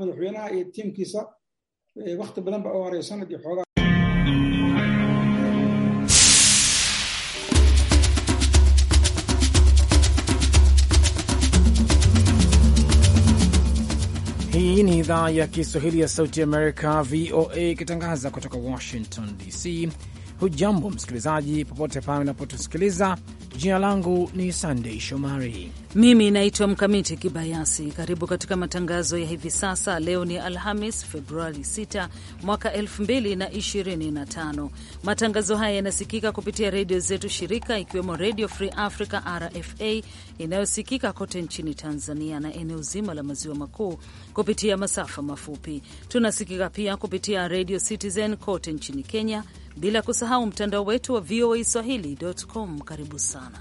madaxweynaha iyo tiimkiisa wakti badan ba u haray sanad iyo xoogaa Hii ni idhaa ya Kiswahili ya Sauti Amerika, VOA, ikitangaza kutoka Washington DC. Hujambo msikilizaji, popote pale unapotusikiliza. Jina langu ni Sandei Shomari mimi naitwa Mkamiti Kibayasi. Karibu katika matangazo ya hivi sasa. Leo ni Alhamis, Februari 6 mwaka 2025. Matangazo haya yanasikika kupitia redio zetu shirika, ikiwemo Redio Free Africa RFA inayosikika kote nchini Tanzania na eneo zima la maziwa makuu kupitia masafa mafupi. Tunasikika pia kupitia Redio Citizen kote nchini Kenya, bila kusahau mtandao wetu wa VOA swahili.com. Karibu sana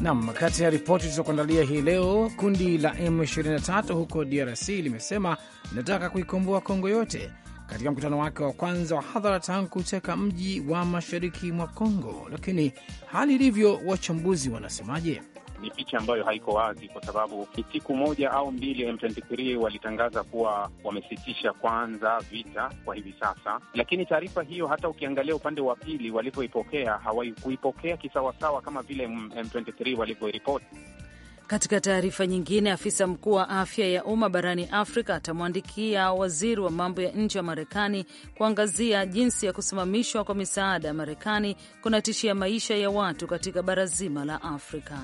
Nam, kati ya ripoti zilizokuandalia hii leo, kundi la M23 huko DRC limesema linataka kuikomboa Kongo yote katika mkutano wake wa kwanza wa hadhara tangu kuteka mji wa mashariki mwa Kongo. Lakini hali ilivyo, wachambuzi wanasemaje? ni picha ambayo haiko wazi, kwa sababu ni siku moja au mbili M23 walitangaza kuwa wamesitisha kwanza vita kwa hivi sasa, lakini taarifa hiyo hata ukiangalia upande wa pili walivyoipokea, hawakuipokea kisawasawa kama vile M23 walivyoripoti. Katika taarifa nyingine, afisa mkuu wa afya ya umma barani Afrika atamwandikia waziri wa mambo ya nje wa Marekani kuangazia jinsi ya kusimamishwa kwa misaada ya Marekani kunatishia maisha ya watu katika bara zima la Afrika.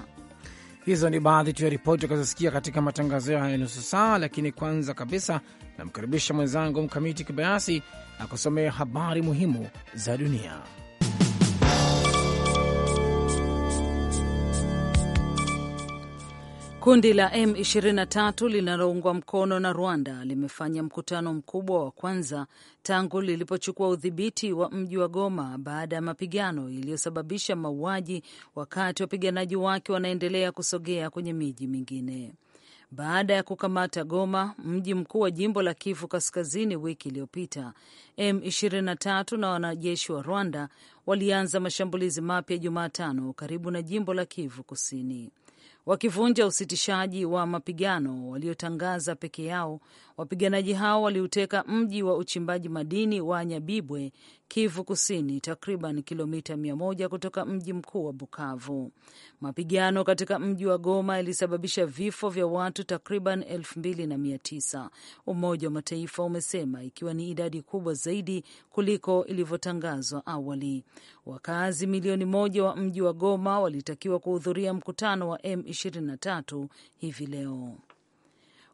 Hizo ni baadhi tu ya ripoti akazosikia katika matangazo haya nusu saa, lakini kwanza kabisa namkaribisha mwenzangu Mkamiti Kibayasi akusomea habari muhimu za dunia. Kundi la M23 linaloungwa mkono na Rwanda limefanya mkutano mkubwa wa kwanza tangu lilipochukua udhibiti wa mji wa Goma baada ya mapigano iliyosababisha mauaji, wakati wapiganaji wake wanaendelea kusogea kwenye miji mingine. Baada ya kukamata Goma, mji mkuu wa jimbo la Kivu Kaskazini, wiki iliyopita, M23 na wanajeshi wa Rwanda walianza mashambulizi mapya Jumatano karibu na jimbo la Kivu Kusini wakivunja usitishaji wa mapigano waliotangaza peke yao Wapiganaji hao waliuteka mji wa uchimbaji madini wa Nyabibwe, Kivu Kusini, takriban kilomita mia moja kutoka mji mkuu wa Bukavu. Mapigano katika mji wa Goma yalisababisha vifo vya watu takriban elfu mbili na mia tisa, Umoja wa Mataifa umesema, ikiwa ni idadi kubwa zaidi kuliko ilivyotangazwa awali. Wakazi milioni moja wa mji wa Goma walitakiwa kuhudhuria mkutano wa M23 hivi leo.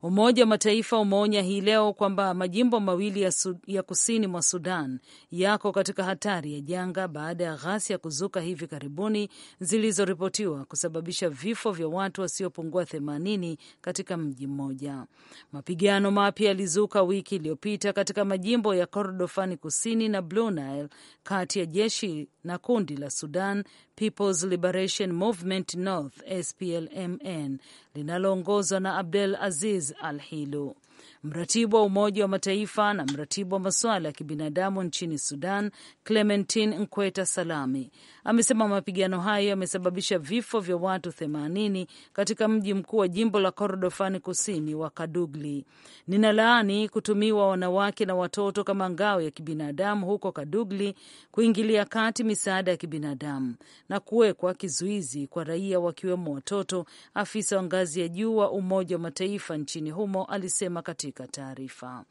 Umoja wa Mataifa umeonya hii leo kwamba majimbo mawili ya, su, ya kusini mwa Sudan yako katika hatari ya janga baada ya ghasia kuzuka hivi karibuni zilizoripotiwa kusababisha vifo vya watu wasiopungua 80 katika mji mmoja. Mapigano mapya yalizuka wiki iliyopita katika majimbo ya Kordofani kusini na Blue Nile kati ya jeshi na kundi la Sudan People's Liberation Movement North SPLMN linaloongozwa na Abdel Aziz الحيلو Mratibu wa Umoja wa Mataifa na mratibu wa masuala ya kibinadamu nchini Sudan, Clementine Nkweta Salami, amesema mapigano hayo yamesababisha vifo vya watu 80 katika mji mkuu wa jimbo la Kordofani kusini wa Kadugli. nina laani kutumiwa wanawake na watoto kama ngao ya kibinadamu huko Kadugli, kuingilia kati misaada ya kibinadamu na kuwekwa kizuizi kwa raia wakiwemo watoto, afisa wa ngazi ya juu wa Umoja wa Mataifa nchini humo alisema katika katika taarifa.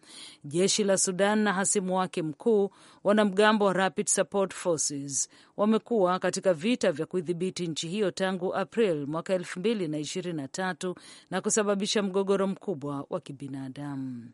Jeshi la Sudan na hasimu wake mkuu wanamgambo wa Rapid Support Forces wamekuwa katika vita vya kuidhibiti nchi hiyo tangu April mwaka 2023 na kusababisha mgogoro mkubwa wa kibinadamu.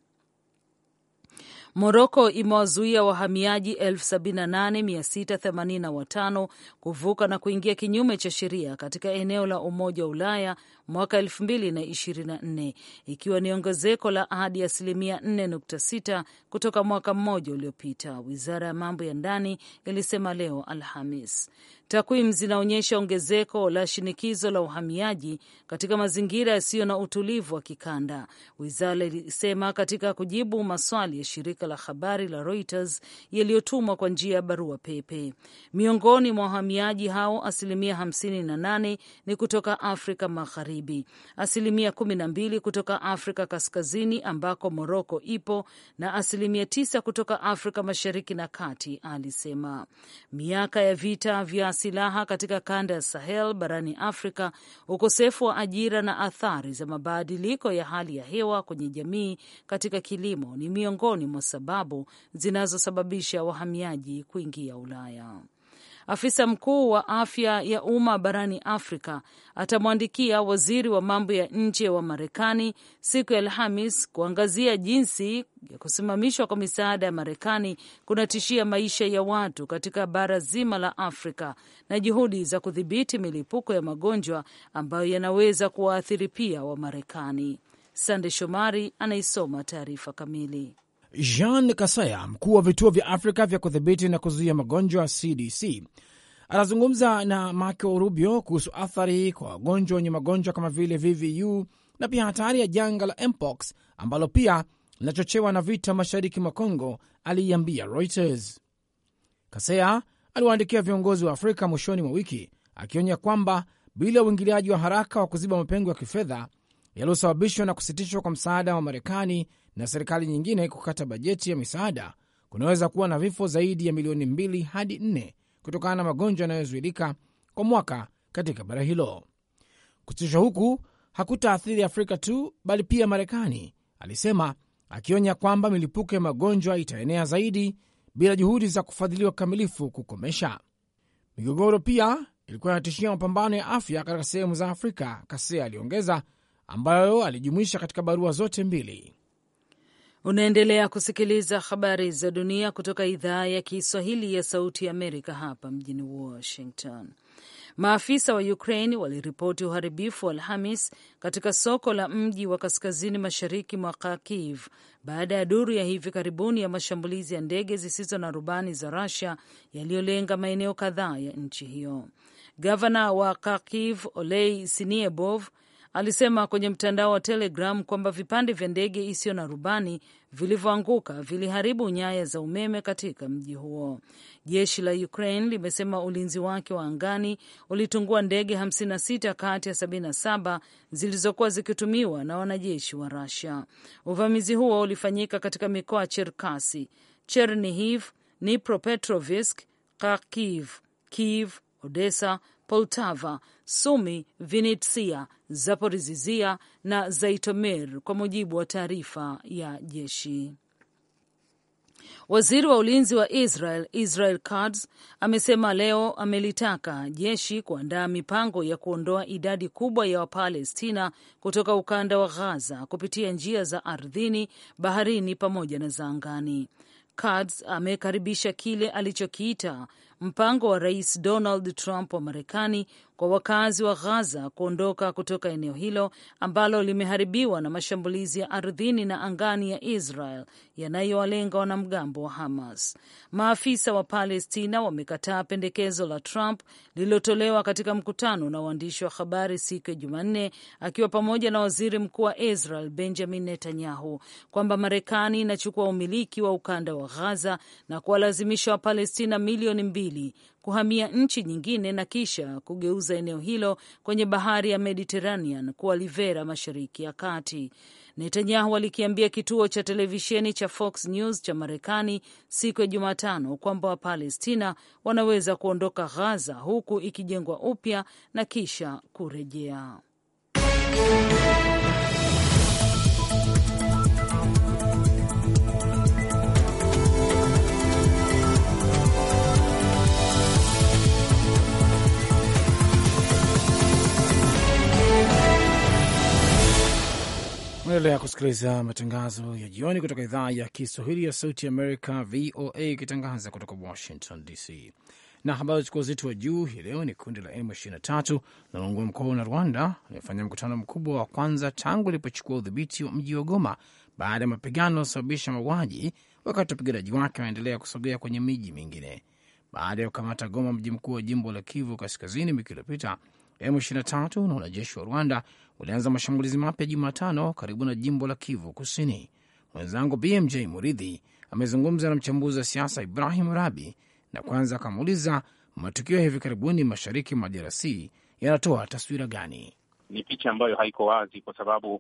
Moroko imewazuia wahamiaji 78685 kuvuka na kuingia kinyume cha sheria katika eneo la Umoja wa Ulaya mwaka 2024 ikiwa ni ongezeko la hadi asilimia 4.6 kutoka mwaka mmoja uliopita, wizara ya mambo ya ndani ilisema leo Alhamis. Takwimu zinaonyesha ongezeko la shinikizo la uhamiaji katika mazingira yasiyo na utulivu wa kikanda, wizara ilisema katika kujibu maswali ya shirika shirika la habari la Reuters yaliyotumwa kwa njia ya barua pepe. Miongoni mwa wahamiaji hao, asilimia 58 ni kutoka Afrika Magharibi, asilimia 12 kutoka Afrika Kaskazini ambako Moroko ipo na asilimia 9 kutoka Afrika Mashariki na Kati, alisema. Miaka ya vita vya silaha katika kanda ya Sahel barani Afrika, ukosefu wa ajira na athari za mabadiliko ya hali ya hewa kwenye jamii katika kilimo ni miongoni mwa sababu zinazosababisha wahamiaji kuingia Ulaya. Afisa mkuu wa afya ya umma barani Afrika atamwandikia waziri wa mambo ya nje wa Marekani siku ya Alhamis kuangazia jinsi ya kusimamishwa kwa misaada ya Marekani kunatishia maisha ya watu katika bara zima la Afrika na juhudi za kudhibiti milipuko ya magonjwa ambayo yanaweza kuwaathiri pia Wamarekani. Sande Shomari anaisoma taarifa kamili. Jean Kasaya, mkuu wa vituo vya Afrika vya kudhibiti na kuzuia magonjwa CDC, anazungumza na Marco Rubio kuhusu athari kwa wagonjwa wenye magonjwa kama vile VVU na pia hatari ya janga la mpox ambalo pia linachochewa na vita mashariki mwa congo aliiambia Reuters. Kasea aliwaandikia viongozi wa Afrika mwishoni mwa wiki akionya kwamba bila uingiliaji wa haraka wa kuziba mapengo ya kifedha yaliyosababishwa na kusitishwa kwa msaada wa Marekani na serikali nyingine kukata bajeti ya misaada, kunaweza kuwa na vifo zaidi ya milioni mbili hadi nne kutokana na magonjwa yanayozuilika kwa mwaka katika bara hilo. Kusitishwa huku hakutaathiri Afrika tu bali pia Marekani, alisema akionya kwamba milipuko ya magonjwa itaenea zaidi bila juhudi za kufadhiliwa kikamilifu kukomesha. Migogoro pia ilikuwa inatishia mapambano ya afya katika sehemu za Afrika, Kasea aliongeza, ambayo alijumuisha katika barua zote mbili. Unaendelea kusikiliza habari za dunia kutoka idhaa ya Kiswahili ya Sauti ya Amerika hapa mjini Washington. Maafisa wa Ukraine waliripoti uharibifu wa Alhamis katika soko la mji wa kaskazini mashariki mwa Kharkiv baada ya duru ya hivi karibuni ya mashambulizi ya ndege zisizo na rubani za Russia yaliyolenga maeneo kadhaa ya nchi hiyo. Gavana wa Kharkiv Olei Siniebov alisema kwenye mtandao wa Telegram kwamba vipande vya ndege isiyo na rubani vilivyoanguka viliharibu nyaya za umeme katika mji huo. Jeshi la Ukraine limesema ulinzi wake wa angani ulitungua ndege 56 kati ya 77 zilizokuwa zikitumiwa na wanajeshi wa rasia Uvamizi huo ulifanyika katika mikoa Cherkasi, Chernihiv, nipropetrovisk Kharkiv, Kiev, Odessa, Poltava, Sumi, Vinitsia Zaporizizia na Zaitomir, kwa mujibu wa taarifa ya jeshi. Waziri wa ulinzi wa Israel Israel Katz amesema leo amelitaka jeshi kuandaa mipango ya kuondoa idadi kubwa ya Wapalestina kutoka ukanda wa Gaza kupitia njia za ardhini, baharini pamoja na za angani. Katz amekaribisha kile alichokiita mpango wa Rais Donald Trump wa Marekani kwa wakazi wa ghaza kuondoka kutoka eneo hilo ambalo limeharibiwa na mashambulizi ya ardhini na angani ya Israel yanayowalenga wanamgambo wa Hamas. Maafisa wa Palestina wamekataa pendekezo la Trump lililotolewa katika mkutano na waandishi wa habari siku ya Jumanne akiwa pamoja na waziri mkuu wa Israel Benjamin Netanyahu kwamba Marekani inachukua umiliki wa ukanda wa ghaza na kuwalazimisha Wapalestina milioni mbili kuhamia nchi nyingine na kisha kugeuza eneo hilo kwenye bahari ya Mediterranean kuwa livera mashariki ya kati. Netanyahu alikiambia kituo cha televisheni cha Fox News cha Marekani siku ya Jumatano kwamba Wapalestina wanaweza kuondoka Ghaza huku ikijengwa upya na kisha kurejea. Unaendelea kusikiliza matangazo ya jioni kutoka idhaa ya Kiswahili ya Sauti Amerika, VOA, ikitangaza kutoka Washington DC. Na habari chukua uzito wa juu hii leo ni kundi la M23 linaloungwa mkono na Rwanda limefanya mkutano mkubwa wa kwanza tangu ilipochukua udhibiti wa mji wa Goma baada ya mapigano yaliyosababisha mauaji, wakati wapiganaji wake wanaendelea kusogea kwenye miji mingine baada ya kukamata Goma, mji mkuu wa jimbo la Kivu Kaskazini, wiki iliyopita. M23 na wanajeshi wa Rwanda ulianza mashambulizi mapya Jumatano karibu na jimbo la Kivu Kusini. Mwenzangu BMJ Muridhi amezungumza na mchambuzi wa siasa Ibrahim Rabi na kwanza akamuuliza matukio ya hivi karibuni mashariki mwa DRC yanatoa taswira gani? Ni picha ambayo haiko wazi kwa sababu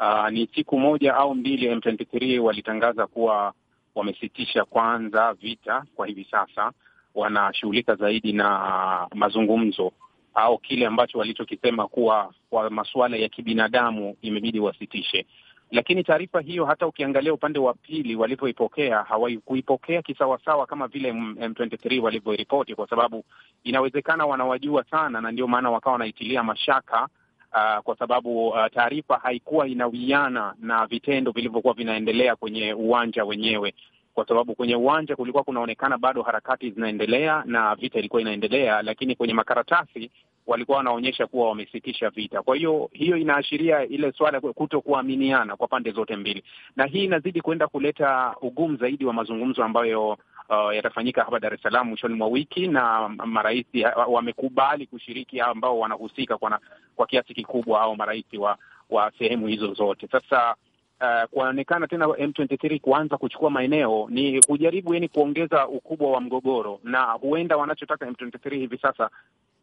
uh, ni siku moja au mbili M23 walitangaza kuwa wamesitisha kwanza vita kwa hivi sasa wanashughulika zaidi na mazungumzo au kile ambacho walichokisema kuwa kwa masuala ya kibinadamu imebidi wasitishe. Lakini taarifa hiyo hata ukiangalia upande wa pili walivyoipokea, hawakuipokea kisawasawa kama vile M23 walivyoripoti, kwa sababu inawezekana wanawajua sana, na ndio maana wakawa wanaitilia mashaka uh, kwa sababu uh, taarifa haikuwa inawiana na vitendo vilivyokuwa vinaendelea kwenye uwanja wenyewe kwa sababu kwenye uwanja kulikuwa kunaonekana bado harakati zinaendelea na vita ilikuwa inaendelea, lakini kwenye makaratasi walikuwa wanaonyesha kuwa wamesitisha vita. Kwa hiyo hiyo inaashiria ile swala kuto kuaminiana kwa pande zote mbili, na hii inazidi kuenda kuleta ugumu zaidi wa mazungumzo ambayo Uh, yatafanyika hapa Dar es Salaam mwishoni mwa wiki na marais wamekubali kushiriki ambao wanahusika kwa, na, kwa kiasi kikubwa au marais wa, wa sehemu hizo zote. Sasa uh, kuonekana tena M23 kuanza kuchukua maeneo ni kujaribu yani kuongeza ukubwa wa mgogoro, na huenda wanachotaka M23 hivi sasa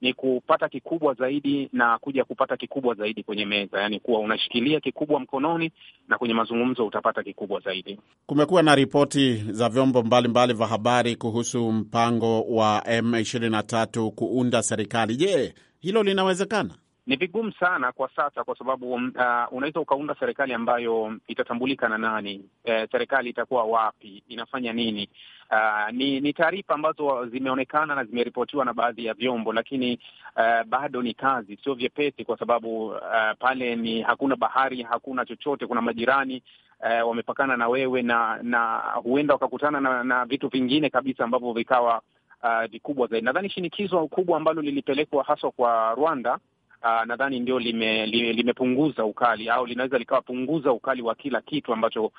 ni kupata kikubwa zaidi na kuja kupata kikubwa zaidi kwenye meza, yaani kuwa unashikilia kikubwa mkononi na kwenye mazungumzo utapata kikubwa zaidi. Kumekuwa na ripoti za vyombo mbalimbali vya habari kuhusu mpango wa M23 kuunda serikali. Je, hilo linawezekana? Ni vigumu sana kwa sasa, kwa sababu um, uh, unaweza ukaunda serikali ambayo itatambulika na nani? E, serikali itakuwa wapi? Inafanya nini? Uh, ni ni taarifa ambazo zimeonekana na zimeripotiwa na baadhi ya vyombo, lakini uh, bado ni kazi, sio vyepesi, kwa sababu uh, pale ni hakuna bahari, hakuna chochote, kuna majirani uh, wamepakana na wewe na na huenda wakakutana na, na vitu vingine kabisa ambavyo vikawa uh, vikubwa uh, zaidi. Nadhani shinikizo kubwa ambalo lilipelekwa haswa kwa Rwanda uh, nadhani ndio lime, lime, limepunguza ukali au linaweza likawapunguza ukali wa kila kitu ambacho uh,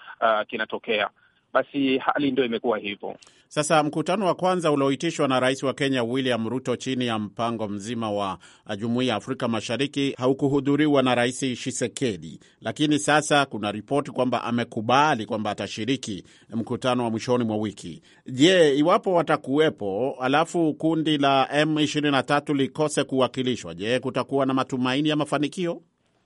kinatokea basi hali ndio imekuwa hivyo. Sasa mkutano wa kwanza ulioitishwa na rais wa Kenya William Ruto chini ya mpango mzima wa jumuiya ya Afrika Mashariki haukuhudhuriwa na rais Tshisekedi, lakini sasa kuna ripoti kwamba amekubali kwamba atashiriki mkutano wa mwishoni mwa wiki. Je, iwapo watakuwepo alafu kundi la M23 likose kuwakilishwa, je, kutakuwa na matumaini ya mafanikio?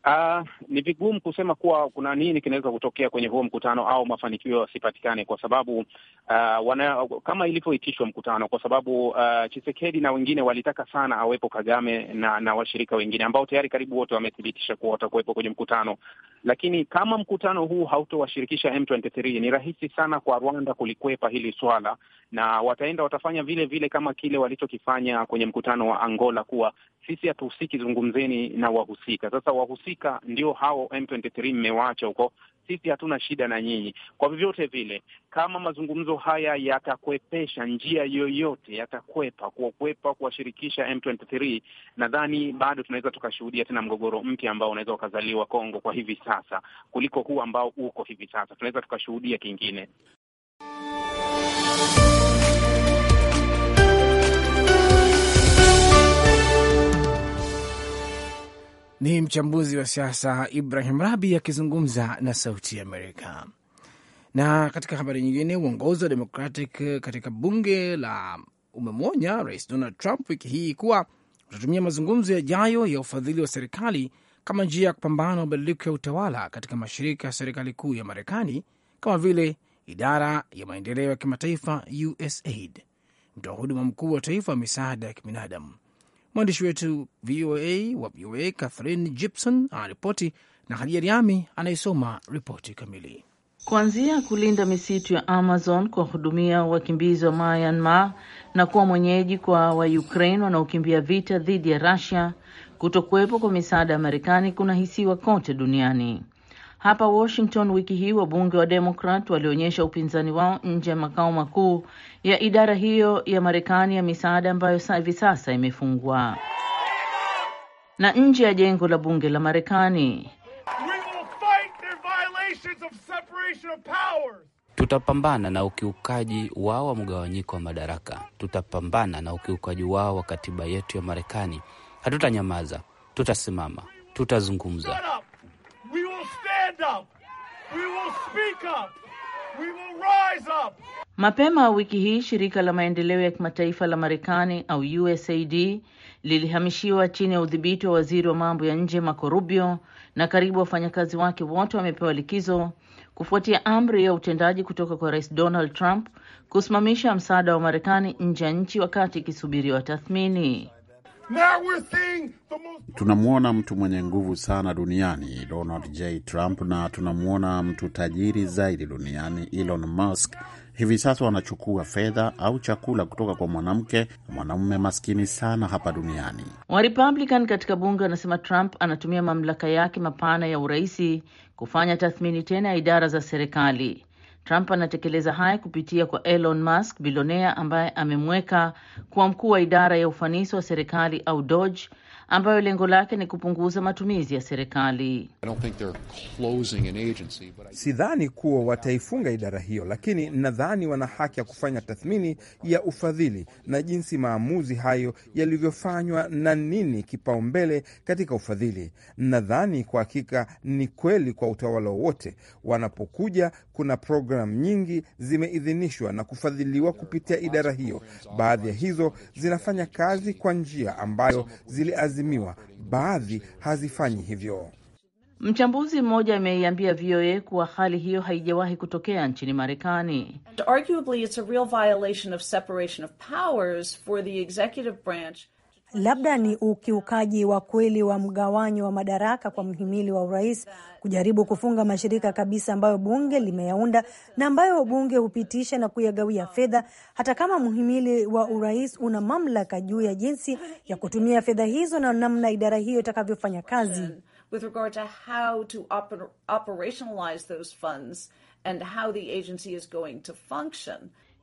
Uh, ni vigumu kusema kuwa kuna nini kinaweza kutokea kwenye huo mkutano au mafanikio yasipatikane, kwa sababu uh, wana, kama ilivyoitishwa mkutano, kwa sababu uh, ah, Chisekedi na wengine walitaka sana awepo Kagame na, na washirika wengine ambao tayari karibu wote wamethibitisha kuwa watakuwepo kwenye mkutano, lakini kama mkutano huu hautowashirikisha M23, ni rahisi sana kwa Rwanda kulikwepa hili swala, na wataenda watafanya vile vile kama kile walichokifanya kwenye mkutano wa Angola, kuwa sisi hatuhusiki, zungumzeni na wahusika. Sasa wahusika hakika ndio hao M23 mmewacha huko. Sisi hatuna shida na nyinyi kwa vyovyote vile. Kama mazungumzo haya yatakwepesha njia yoyote, yatakwepa kuwakwepa kuwashirikisha M23, nadhani bado tunaweza tukashuhudia tena mgogoro mpya ambao unaweza ukazaliwa Kongo kwa hivi sasa kuliko huu ambao uko hivi sasa. Tunaweza tukashuhudia kingine. Ni mchambuzi wa siasa Ibrahim Rabi akizungumza na Sauti ya Amerika. Na katika habari nyingine, uongozi wa Democratic katika bunge la umemwonya Rais Donald Trump wiki hii kuwa utatumia mazungumzo yajayo ya ufadhili wa serikali kama njia ya kupambana na mabadiliko ya utawala katika mashirika ya serikali kuu ya Marekani kama vile idara ya maendeleo ya kimataifa USAID. Mtoa huduma mkuu wa taifa wa misaada ya kibinadamu Mwandishi wetu VOA wa VOA Catherine Gibson anaripoti na Hadia Riami anayesoma ripoti kamili. Kuanzia kulinda misitu ya Amazon, kuwahudumia wakimbizi wa Myanmar na kuwa mwenyeji kwa Waukraine wanaokimbia vita dhidi ya Russia, kutokuwepo kwa misaada ya Marekani kunahisiwa kote duniani. Hapa Washington wiki hii wabunge wa Demokrat walionyesha upinzani wao nje ya makao makuu ya idara hiyo ya Marekani ya misaada ambayo hivi sasa imefungwa na nje ya jengo la bunge la Marekani. Tutapambana na ukiukaji wao wa mgawanyiko wa madaraka. Tutapambana na ukiukaji wao wa katiba yetu ya Marekani. Hatutanyamaza, tutasimama, tutazungumza. Mapema wiki hii shirika la maendeleo ya kimataifa la Marekani au USAID lilihamishiwa chini ya udhibiti wa waziri wa mambo ya nje Marco Rubio, na karibu wafanyakazi wake wote wamepewa likizo kufuatia amri ya utendaji kutoka kwa Rais Donald Trump kusimamisha msaada wa Marekani nje ya nchi wakati ikisubiriwa tathmini. Tunamwona mtu mwenye nguvu sana duniani Donald J. Trump, na tunamwona mtu tajiri zaidi duniani Elon Musk. Hivi sasa wanachukua fedha au chakula kutoka kwa mwanamke na mwanamume maskini sana hapa duniani. Warepublican katika bunge wanasema Trump anatumia mamlaka yake mapana ya uraisi kufanya tathmini tena ya idara za serikali. Trump anatekeleza haya kupitia kwa Elon Musk bilionea ambaye amemweka kuwa mkuu wa idara ya ufanisi wa serikali au Doge ambayo lengo lake ni kupunguza matumizi ya serikali. Sidhani kuwa wataifunga idara hiyo, lakini nadhani wana haki ya kufanya tathmini ya ufadhili na jinsi maamuzi hayo yalivyofanywa na nini kipaumbele katika ufadhili. Nadhani kwa hakika ni kweli kwa utawala wowote wanapokuja, kuna programu nyingi zimeidhinishwa na kufadhiliwa kupitia idara hiyo. Baadhi ya hizo zinafanya kazi kwa njia ambayo ziliaz zinalazimiwa, baadhi hazifanyi hivyo. Mchambuzi mmoja ameiambia VOA kuwa hali hiyo haijawahi kutokea nchini Marekani. Arguably it's a real violation of separation of powers for the executive branch Labda ni ukiukaji wa kweli wa mgawanyo wa madaraka kwa mhimili wa urais kujaribu kufunga mashirika kabisa ambayo bunge limeyaunda na ambayo bunge hupitisha na kuyagawia fedha, hata kama mhimili wa urais una mamlaka juu ya jinsi ya kutumia fedha hizo na namna idara hiyo itakavyofanya kazi. With regard to how to oper operationalize those funds and how the agency is going to function.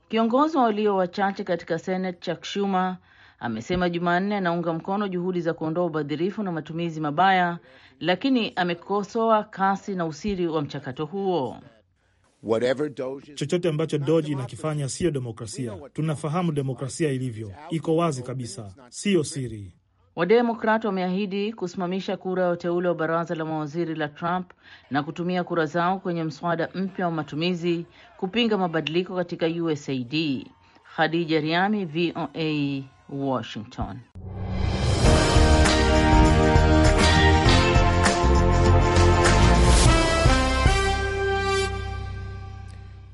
Kiongozi wa walio wachache katika Senate Chuck Schumer amesema Jumanne anaunga mkono juhudi za kuondoa ubadhirifu na matumizi mabaya, lakini amekosoa kasi na usiri wa mchakato huo. Chochote ambacho Doji inakifanya siyo demokrasia. Tunafahamu demokrasia ilivyo, iko wazi kabisa, siyo siri. Wademokrat wameahidi kusimamisha kura ya uteule wa baraza la mawaziri la Trump na kutumia kura zao kwenye mswada mpya wa matumizi kupinga mabadiliko katika USAID. Khadija Riami, VOA, Washington.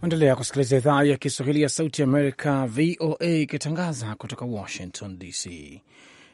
Endelea kusikiliza idhaa ya Kiswahili ya Sauti ya Amerika, VOA, ikitangaza kutoka Washington DC.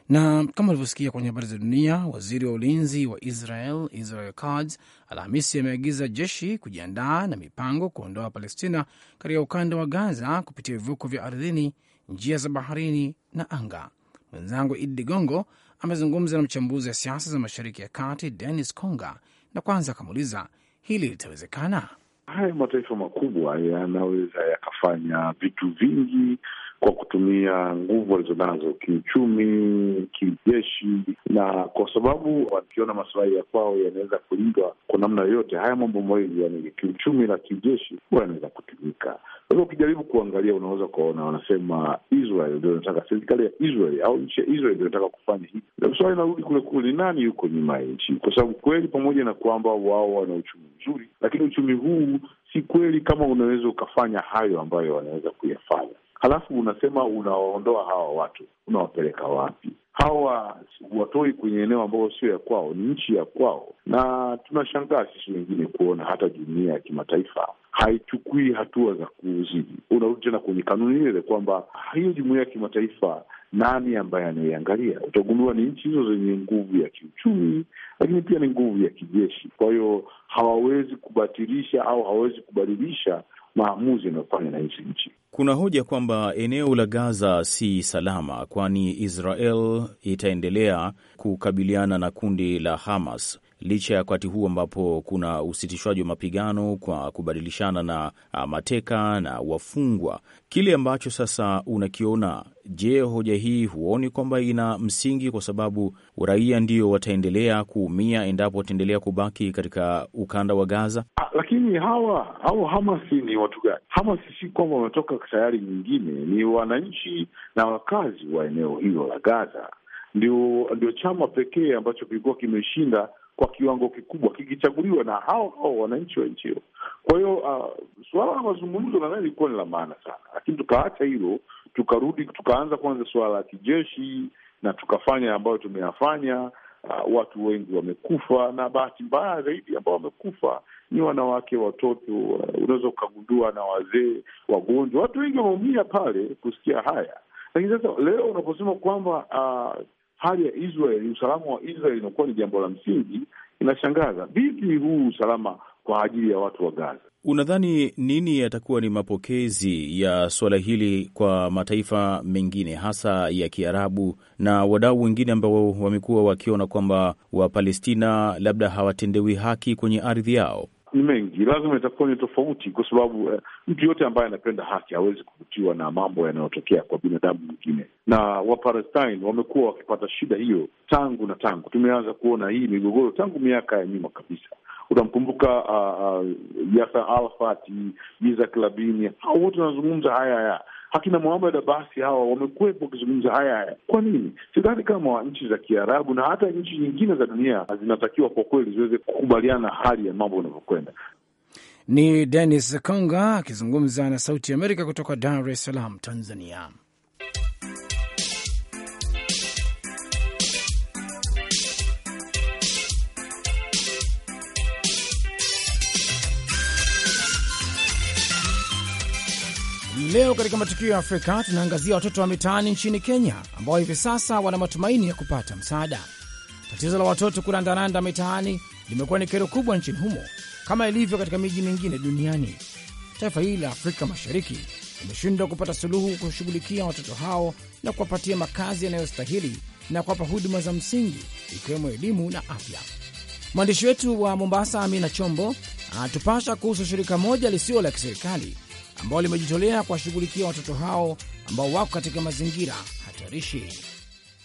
Na kama ulivyosikia kwenye habari za dunia, waziri wa ulinzi wa Israel Israel Katz Alhamisi ameagiza jeshi kujiandaa na mipango kuondoa Palestina katika ukanda wa Gaza kupitia vivuko vya ardhini njia za baharini na anga. Mwenzangu Idi Ligongo amezungumza na mchambuzi wa siasa za Mashariki ya Kati Dennis Konga, na kwanza akamuuliza hili litawezekana. Haya mataifa makubwa yanaweza yakafanya vitu vingi kwa kutumia nguvu walizonazo kiuchumi, kijeshi, na kwa sababu wakiona masilahi ya kwao yanaweza kulindwa kwa namna yoyote, haya mambo mawili yani kiuchumi na kijeshi huwa yanaweza kutumika. Sasa ukijaribu kuangalia, unaweza ukaona wanasema Israel ndio inataka, serikali ya Israel au nchi ya Israel ndio inataka kufanya hivi. Swali inarudi kule kule, nani yuko nyuma ya nchi? Kwa sababu kweli, pamoja na kwamba wao wana uchumi mzuri, lakini uchumi huu si kweli kama unaweza ukafanya hayo ambayo wanaweza kuyafanya halafu unasema unawaondoa hawa watu, unawapeleka wapi? Hawa watoi kwenye eneo ambayo sio ya kwao, ni nchi ya kwao, na tunashangaa sisi wengine kuona hata jumuia ya kimataifa haichukui hatua za kuzidi. Unarudi tena kwenye kanuni ile kwamba hiyo jumuia ya kimataifa nani ambaye anaiangalia? Utagundua ni nchi hizo zenye nguvu ya kiuchumi, lakini pia ni nguvu ya kijeshi. Kwa hiyo hawawezi kubatilisha au hawawezi kubadilisha maamuzi yanayofanywa na hizi nchi. Kuna hoja kwamba eneo la Gaza si salama, kwani Israel itaendelea kukabiliana na kundi la Hamas licha ya wakati huu ambapo kuna usitishwaji wa mapigano kwa kubadilishana na ah, mateka na wafungwa, kile ambacho sasa unakiona, je, hoja hii huoni kwamba ina msingi, kwa sababu raia ndio wataendelea kuumia endapo wataendelea kubaki katika ukanda wa Gaza? Ah, lakini hawa au Hamasi ni watu gani? Hamasi si kwamba wametoka sayari nyingine, ni wananchi na wakazi wa eneo hilo la Gaza. Ndio, ndio chama pekee ambacho kilikuwa kimeshinda kwa kiwango kikubwa kikichaguliwa na hao hao wananchi wa nchi hiyo. Kwa hiyo uh, suala la mazungumzo nadhani ilikuwa ni la maana sana, lakini tukaacha hilo tukarudi tukaanza kwanza suala la kijeshi na tukafanya ambayo tumeyafanya. Uh, watu wengi wamekufa, na bahati mbaya zaidi ambao wamekufa ni wanawake, watoto, uh, unaweza ukagundua na wazee, wagonjwa, watu wengi wameumia pale kusikia haya. Lakini sasa leo unaposema kwamba uh, hali ya Israel, usalama wa Israel inakuwa ni jambo la msingi, inashangaza vipi huu usalama kwa ajili ya watu wa Gaza. Unadhani nini yatakuwa ni mapokezi ya suala hili kwa mataifa mengine hasa ya Kiarabu na wadau wengine ambao wamekuwa wakiona kwamba Wapalestina labda hawatendewi haki kwenye ardhi yao? ni mengi, lazima itakuwa ni tofauti, kwa sababu uh, mtu yote ambaye anapenda haki hawezi kuvutiwa na mambo yanayotokea kwa binadamu mwingine, na Wapalestine wamekuwa wakipata shida hiyo tangu na tangu. Tumeanza kuona hii migogoro tangu miaka ya nyuma kabisa. Utamkumbuka uh, ah, uh, ah, Yasser Arafat, Yitzhak Rabin, hao wote wanazungumza haya haya Hakina Mohamed Abasi hawa wamekuwepo wakizungumza haya haya. Kwa nini? Sidhani kama nchi za Kiarabu na hata nchi nyingine za dunia zinatakiwa kwa kweli ziweze kukubaliana na hali ya mambo inavyokwenda. Ni denis Konga akizungumza na Sauti ya Amerika kutoka Dar es Salaam, Tanzania. Leo katika matukio ya Afrika tunaangazia watoto wa mitaani nchini Kenya ambao hivi sasa wana matumaini ya kupata msaada. Tatizo la watoto kurandaranda mitaani limekuwa ni kero kubwa nchini humo kama ilivyo katika miji mingine duniani. Taifa hili la Afrika Mashariki limeshindwa kupata suluhu kushughulikia watoto hao na kuwapatia makazi yanayostahili na kuwapa huduma za msingi ikiwemo elimu na afya. Mwandishi wetu wa Mombasa, Amina Chombo, anatupasha kuhusu shirika moja lisilo la kiserikali ambao limejitolea kuwashughulikia watoto hao ambao wako katika mazingira hatarishi.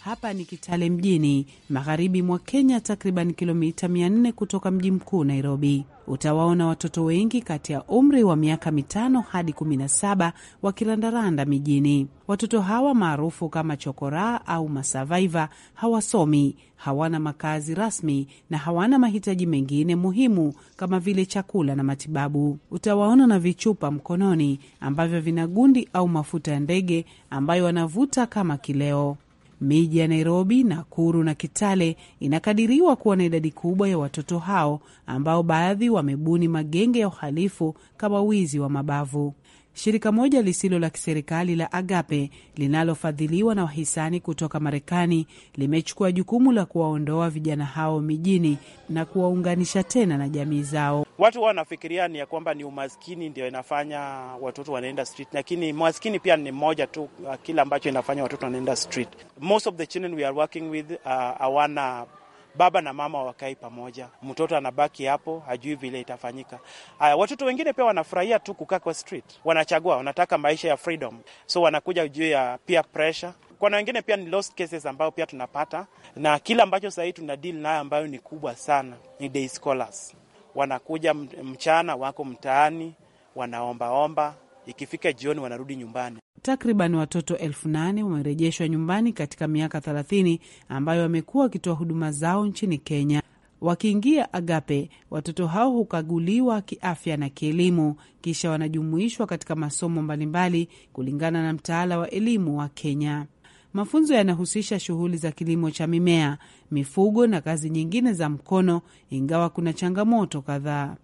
Hapa ni Kitale mjini, magharibi mwa Kenya, takriban kilomita 400 kutoka mji mkuu Nairobi. Utawaona watoto wengi kati ya umri wa miaka mitano hadi 17 wakirandaranda mijini. Watoto hawa maarufu kama chokoraa au masavaiva hawasomi, hawana makazi rasmi na hawana mahitaji mengine muhimu kama vile chakula na matibabu. Utawaona na vichupa mkononi ambavyo vina gundi au mafuta ya ndege ambayo wanavuta kama kileo. Miji ya Nairobi, Nakuru na Kitale inakadiriwa kuwa na idadi kubwa ya watoto hao ambao baadhi wamebuni magenge ya uhalifu kama wizi wa mabavu. Shirika moja lisilo la kiserikali la Agape linalofadhiliwa na wahisani kutoka Marekani limechukua jukumu la kuwaondoa vijana hao mijini na kuwaunganisha tena na jamii zao. Watu wanafikiria ni ya kwamba ni umaskini ndio inafanya watoto wanaenda street, lakini maskini pia ni moja tu uh, kile ambacho inafanya watoto wanaenda street. Most of the children we are working with uh, hawana uh, baba na mama wakai pamoja, mtoto anabaki hapo, hajui vile itafanyika. Uh, watoto wengine pia wanafurahia tu kukaa kwa street, wanachagua, wanataka maisha ya freedom, so wanakuja juu ya peer pressure. Kuna wengine pia ni lost cases ambao pia tunapata, na kile ambacho sahii tuna deal nayo ambayo ni kubwa sana ni day scholars wanakuja mchana, wako mtaani, wanaombaomba, ikifika jioni wanarudi nyumbani. Takriban watoto elfu nane wamerejeshwa nyumbani katika miaka 30 ambayo wamekuwa wakitoa huduma zao nchini Kenya. Wakiingia Agape, watoto hao hukaguliwa kiafya na kielimu, kisha wanajumuishwa katika masomo mbalimbali kulingana na mtaala wa elimu wa Kenya. Mafunzo yanahusisha shughuli za kilimo cha mimea, mifugo na kazi nyingine za mkono, ingawa kuna changamoto kadhaa.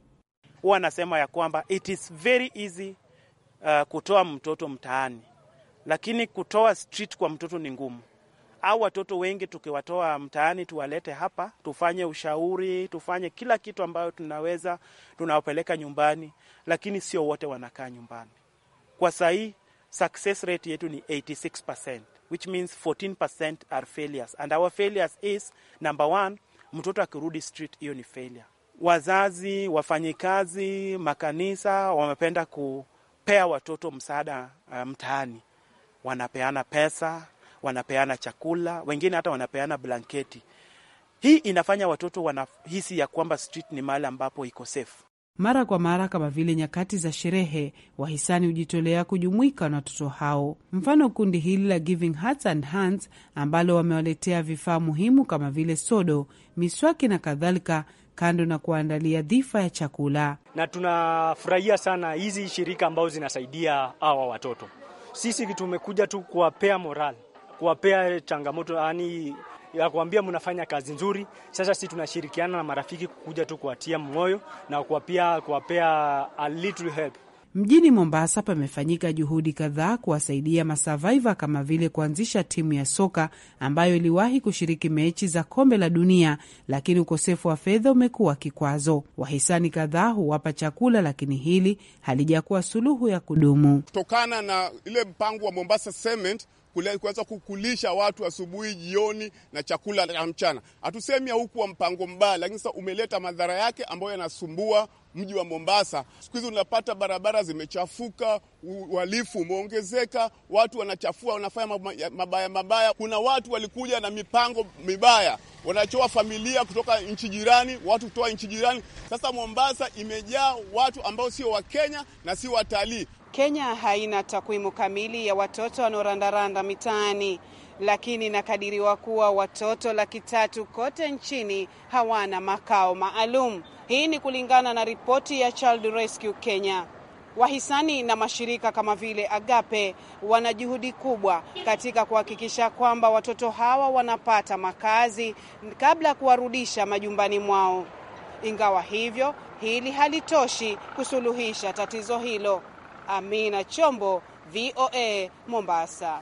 Huwa anasema ya kwamba it is very easy uh, kutoa mtoto mtaani, lakini kutoa street kwa mtoto ni ngumu au watoto wengi tukiwatoa mtaani tuwalete hapa, tufanye ushauri, tufanye kila kitu ambayo tunaweza, tunawapeleka nyumbani, lakini sio wote wanakaa nyumbani. Kwa sahii success rate yetu ni 86% which means 14% are failures and our failures is number one, mtoto akirudi street, hiyo ni failure. Wazazi, wafanyikazi, makanisa wamependa kupea watoto msaada uh, mtaani. Wanapeana pesa, wanapeana chakula, wengine hata wanapeana blanketi. Hii inafanya watoto wanahisi ya kwamba street ni mahali ambapo iko safe mara kwa mara kama vile nyakati za sherehe, wahisani hujitolea kujumuika na watoto hao. Mfano, kundi hili la Giving Hearts and Hands ambalo wamewaletea vifaa muhimu kama vile sodo, miswaki na kadhalika, kando na kuandalia dhifa ya chakula. Na tunafurahia sana hizi shirika ambazo zinasaidia hawa watoto. Sisi tumekuja tu kuwapea moral, kuwapea changamoto, yani ya kuambia mnafanya kazi nzuri. Sasa sisi tunashirikiana na marafiki kukuja tu kuwatia moyo na kuwapia kuwapea a little help. Mjini Mombasa pamefanyika juhudi kadhaa kuwasaidia masurvivor kama vile kuanzisha timu ya soka ambayo iliwahi kushiriki mechi za kombe la dunia, lakini ukosefu wa fedha umekuwa kikwazo. Wahisani kadhaa huwapa chakula, lakini hili halijakuwa suluhu ya kudumu. Kutokana na ile mpango wa Mombasa Cement kuweza kukulisha watu asubuhi, jioni na chakula cha mchana. Hatusemi wa mpango mbaya, lakini sasa umeleta madhara yake ambayo yanasumbua mji wa Mombasa. Siku hizi unapata barabara zimechafuka, uhalifu umeongezeka, watu wanachafua, wanafanya mabaya mabaya. Kuna watu walikuja na mipango mibaya, wanachoa familia kutoka nchi jirani, watu kutoka nchi jirani. Sasa Mombasa imejaa watu ambao sio Wakenya na sio watalii. Kenya haina takwimu kamili ya watoto wanaorandaranda mitaani, lakini inakadiriwa kuwa watoto laki tatu kote nchini hawana makao maalum. Hii ni kulingana na ripoti ya Child Rescue Kenya. Wahisani na mashirika kama vile Agape wana juhudi kubwa katika kuhakikisha kwamba watoto hawa wanapata makazi kabla ya kuwarudisha majumbani mwao. Ingawa hivyo, hili halitoshi kusuluhisha tatizo hilo. Amina Chombo, VOA Mombasa.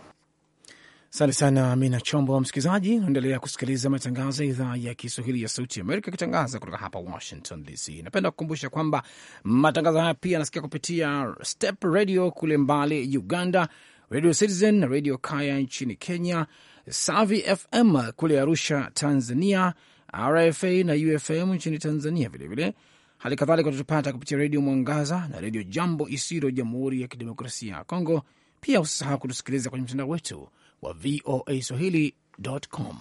Asante sana Amina Chombo. Msikilizaji, unaendelea kusikiliza matangazo ya idhaa ya Kiswahili ya Sauti Amerika ikitangaza kutoka hapa Washington DC. Napenda kukumbusha kwamba matangazo haya pia yanasikia kupitia Step Radio kule Mbale, Uganda, Radio Citizen na Radio Kaya nchini Kenya, Savi FM kule Arusha, Tanzania, RFA na UFM nchini Tanzania vilevile vile. Hali kadhalika utatupata kupitia Redio Mwangaza na Redio Jambo Isiro, Jamhuri ya Kidemokrasia ya Kongo. Pia usisahau kutusikiliza kwenye mtandao wetu wa VOA Swahili.com.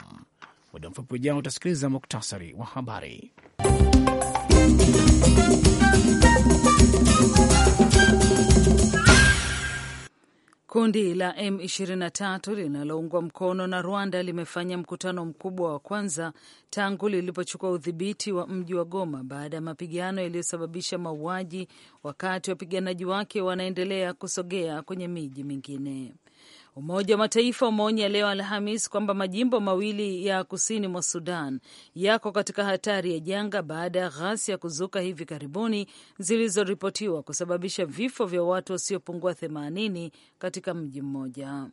Muda mfupi ujao utasikiliza muktasari wa habari. Kundi la M23 linaloungwa mkono na Rwanda limefanya mkutano mkubwa wa kwanza tangu lilipochukua udhibiti wa mji wa Goma baada ya mapigano yaliyosababisha mauaji, wakati wapiganaji wake wanaendelea kusogea kwenye miji mingine. Umoja wa Mataifa umeonya leo Alhamis kwamba majimbo mawili ya kusini mwa Sudan yako katika hatari ya janga baada ya ghasia kuzuka hivi karibuni zilizoripotiwa kusababisha vifo vya watu wasiopungua 80 katika mji mmoja.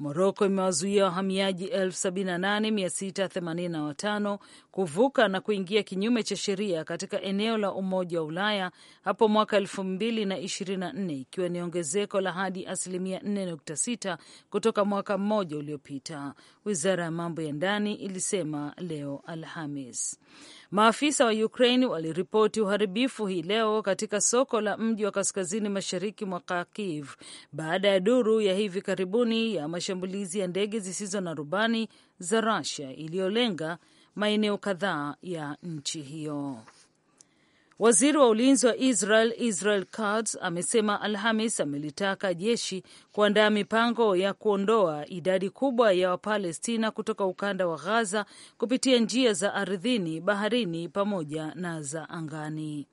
Moroko imewazuia wahamiaji 78685 kuvuka na kuingia kinyume cha sheria katika eneo la Umoja wa Ulaya hapo mwaka 2024 ikiwa ni ongezeko la hadi asilimia 4.6 kutoka mwaka mmoja uliopita, wizara ya mambo ya ndani ilisema leo Alhamis. Maafisa wa Ukraine waliripoti uharibifu hii leo katika soko la mji wa kaskazini mashariki mwa Kharkiv baada ya duru ya hivi karibuni ya mashambulizi ya ndege zisizo na rubani za Russia iliyolenga maeneo kadhaa ya nchi hiyo. Waziri wa ulinzi wa Israel Israel Katz amesema Alhamis amelitaka jeshi kuandaa mipango ya kuondoa idadi kubwa ya Wapalestina kutoka ukanda wa Gaza kupitia njia za ardhini, baharini pamoja na za angani.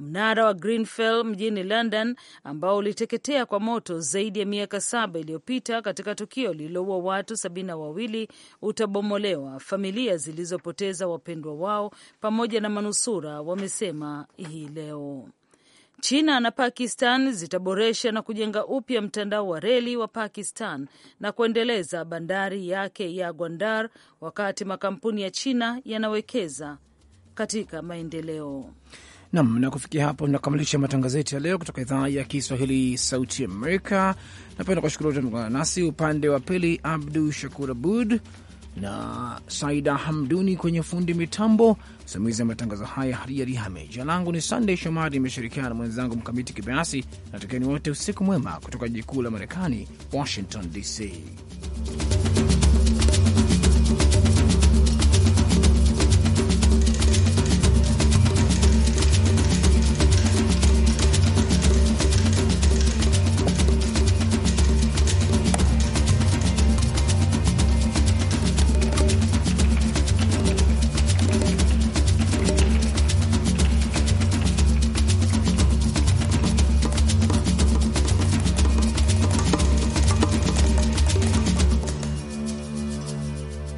Mnara wa Grenfell mjini London ambao uliteketea kwa moto zaidi ya miaka saba iliyopita katika tukio lililoua watu sabini na wawili utabomolewa, familia zilizopoteza wapendwa wao pamoja na manusura wamesema hii leo. China na Pakistan zitaboresha na kujenga upya mtandao wa reli wa Pakistan na kuendeleza bandari yake ya Gwandar wakati makampuni ya China yanawekeza katika maendeleo. Nam na kufikia hapo nakamilisha matangazo yetu ya leo kutoka idhaa ya Kiswahili Sauti Amerika. Napenda kuwashukuru wote mkutana nasi upande wa pili, Abdu Shakur Abud na Saida Hamduni kwenye fundi mitambo, msimamizi wa matangazo haya Haria Rihame. Jina langu ni Sandey Shomari, imeshirikiana na mwenzangu Mkamiti Kibayasi. Natakieni wote usiku mwema kutoka jikuu la Marekani, Washington DC.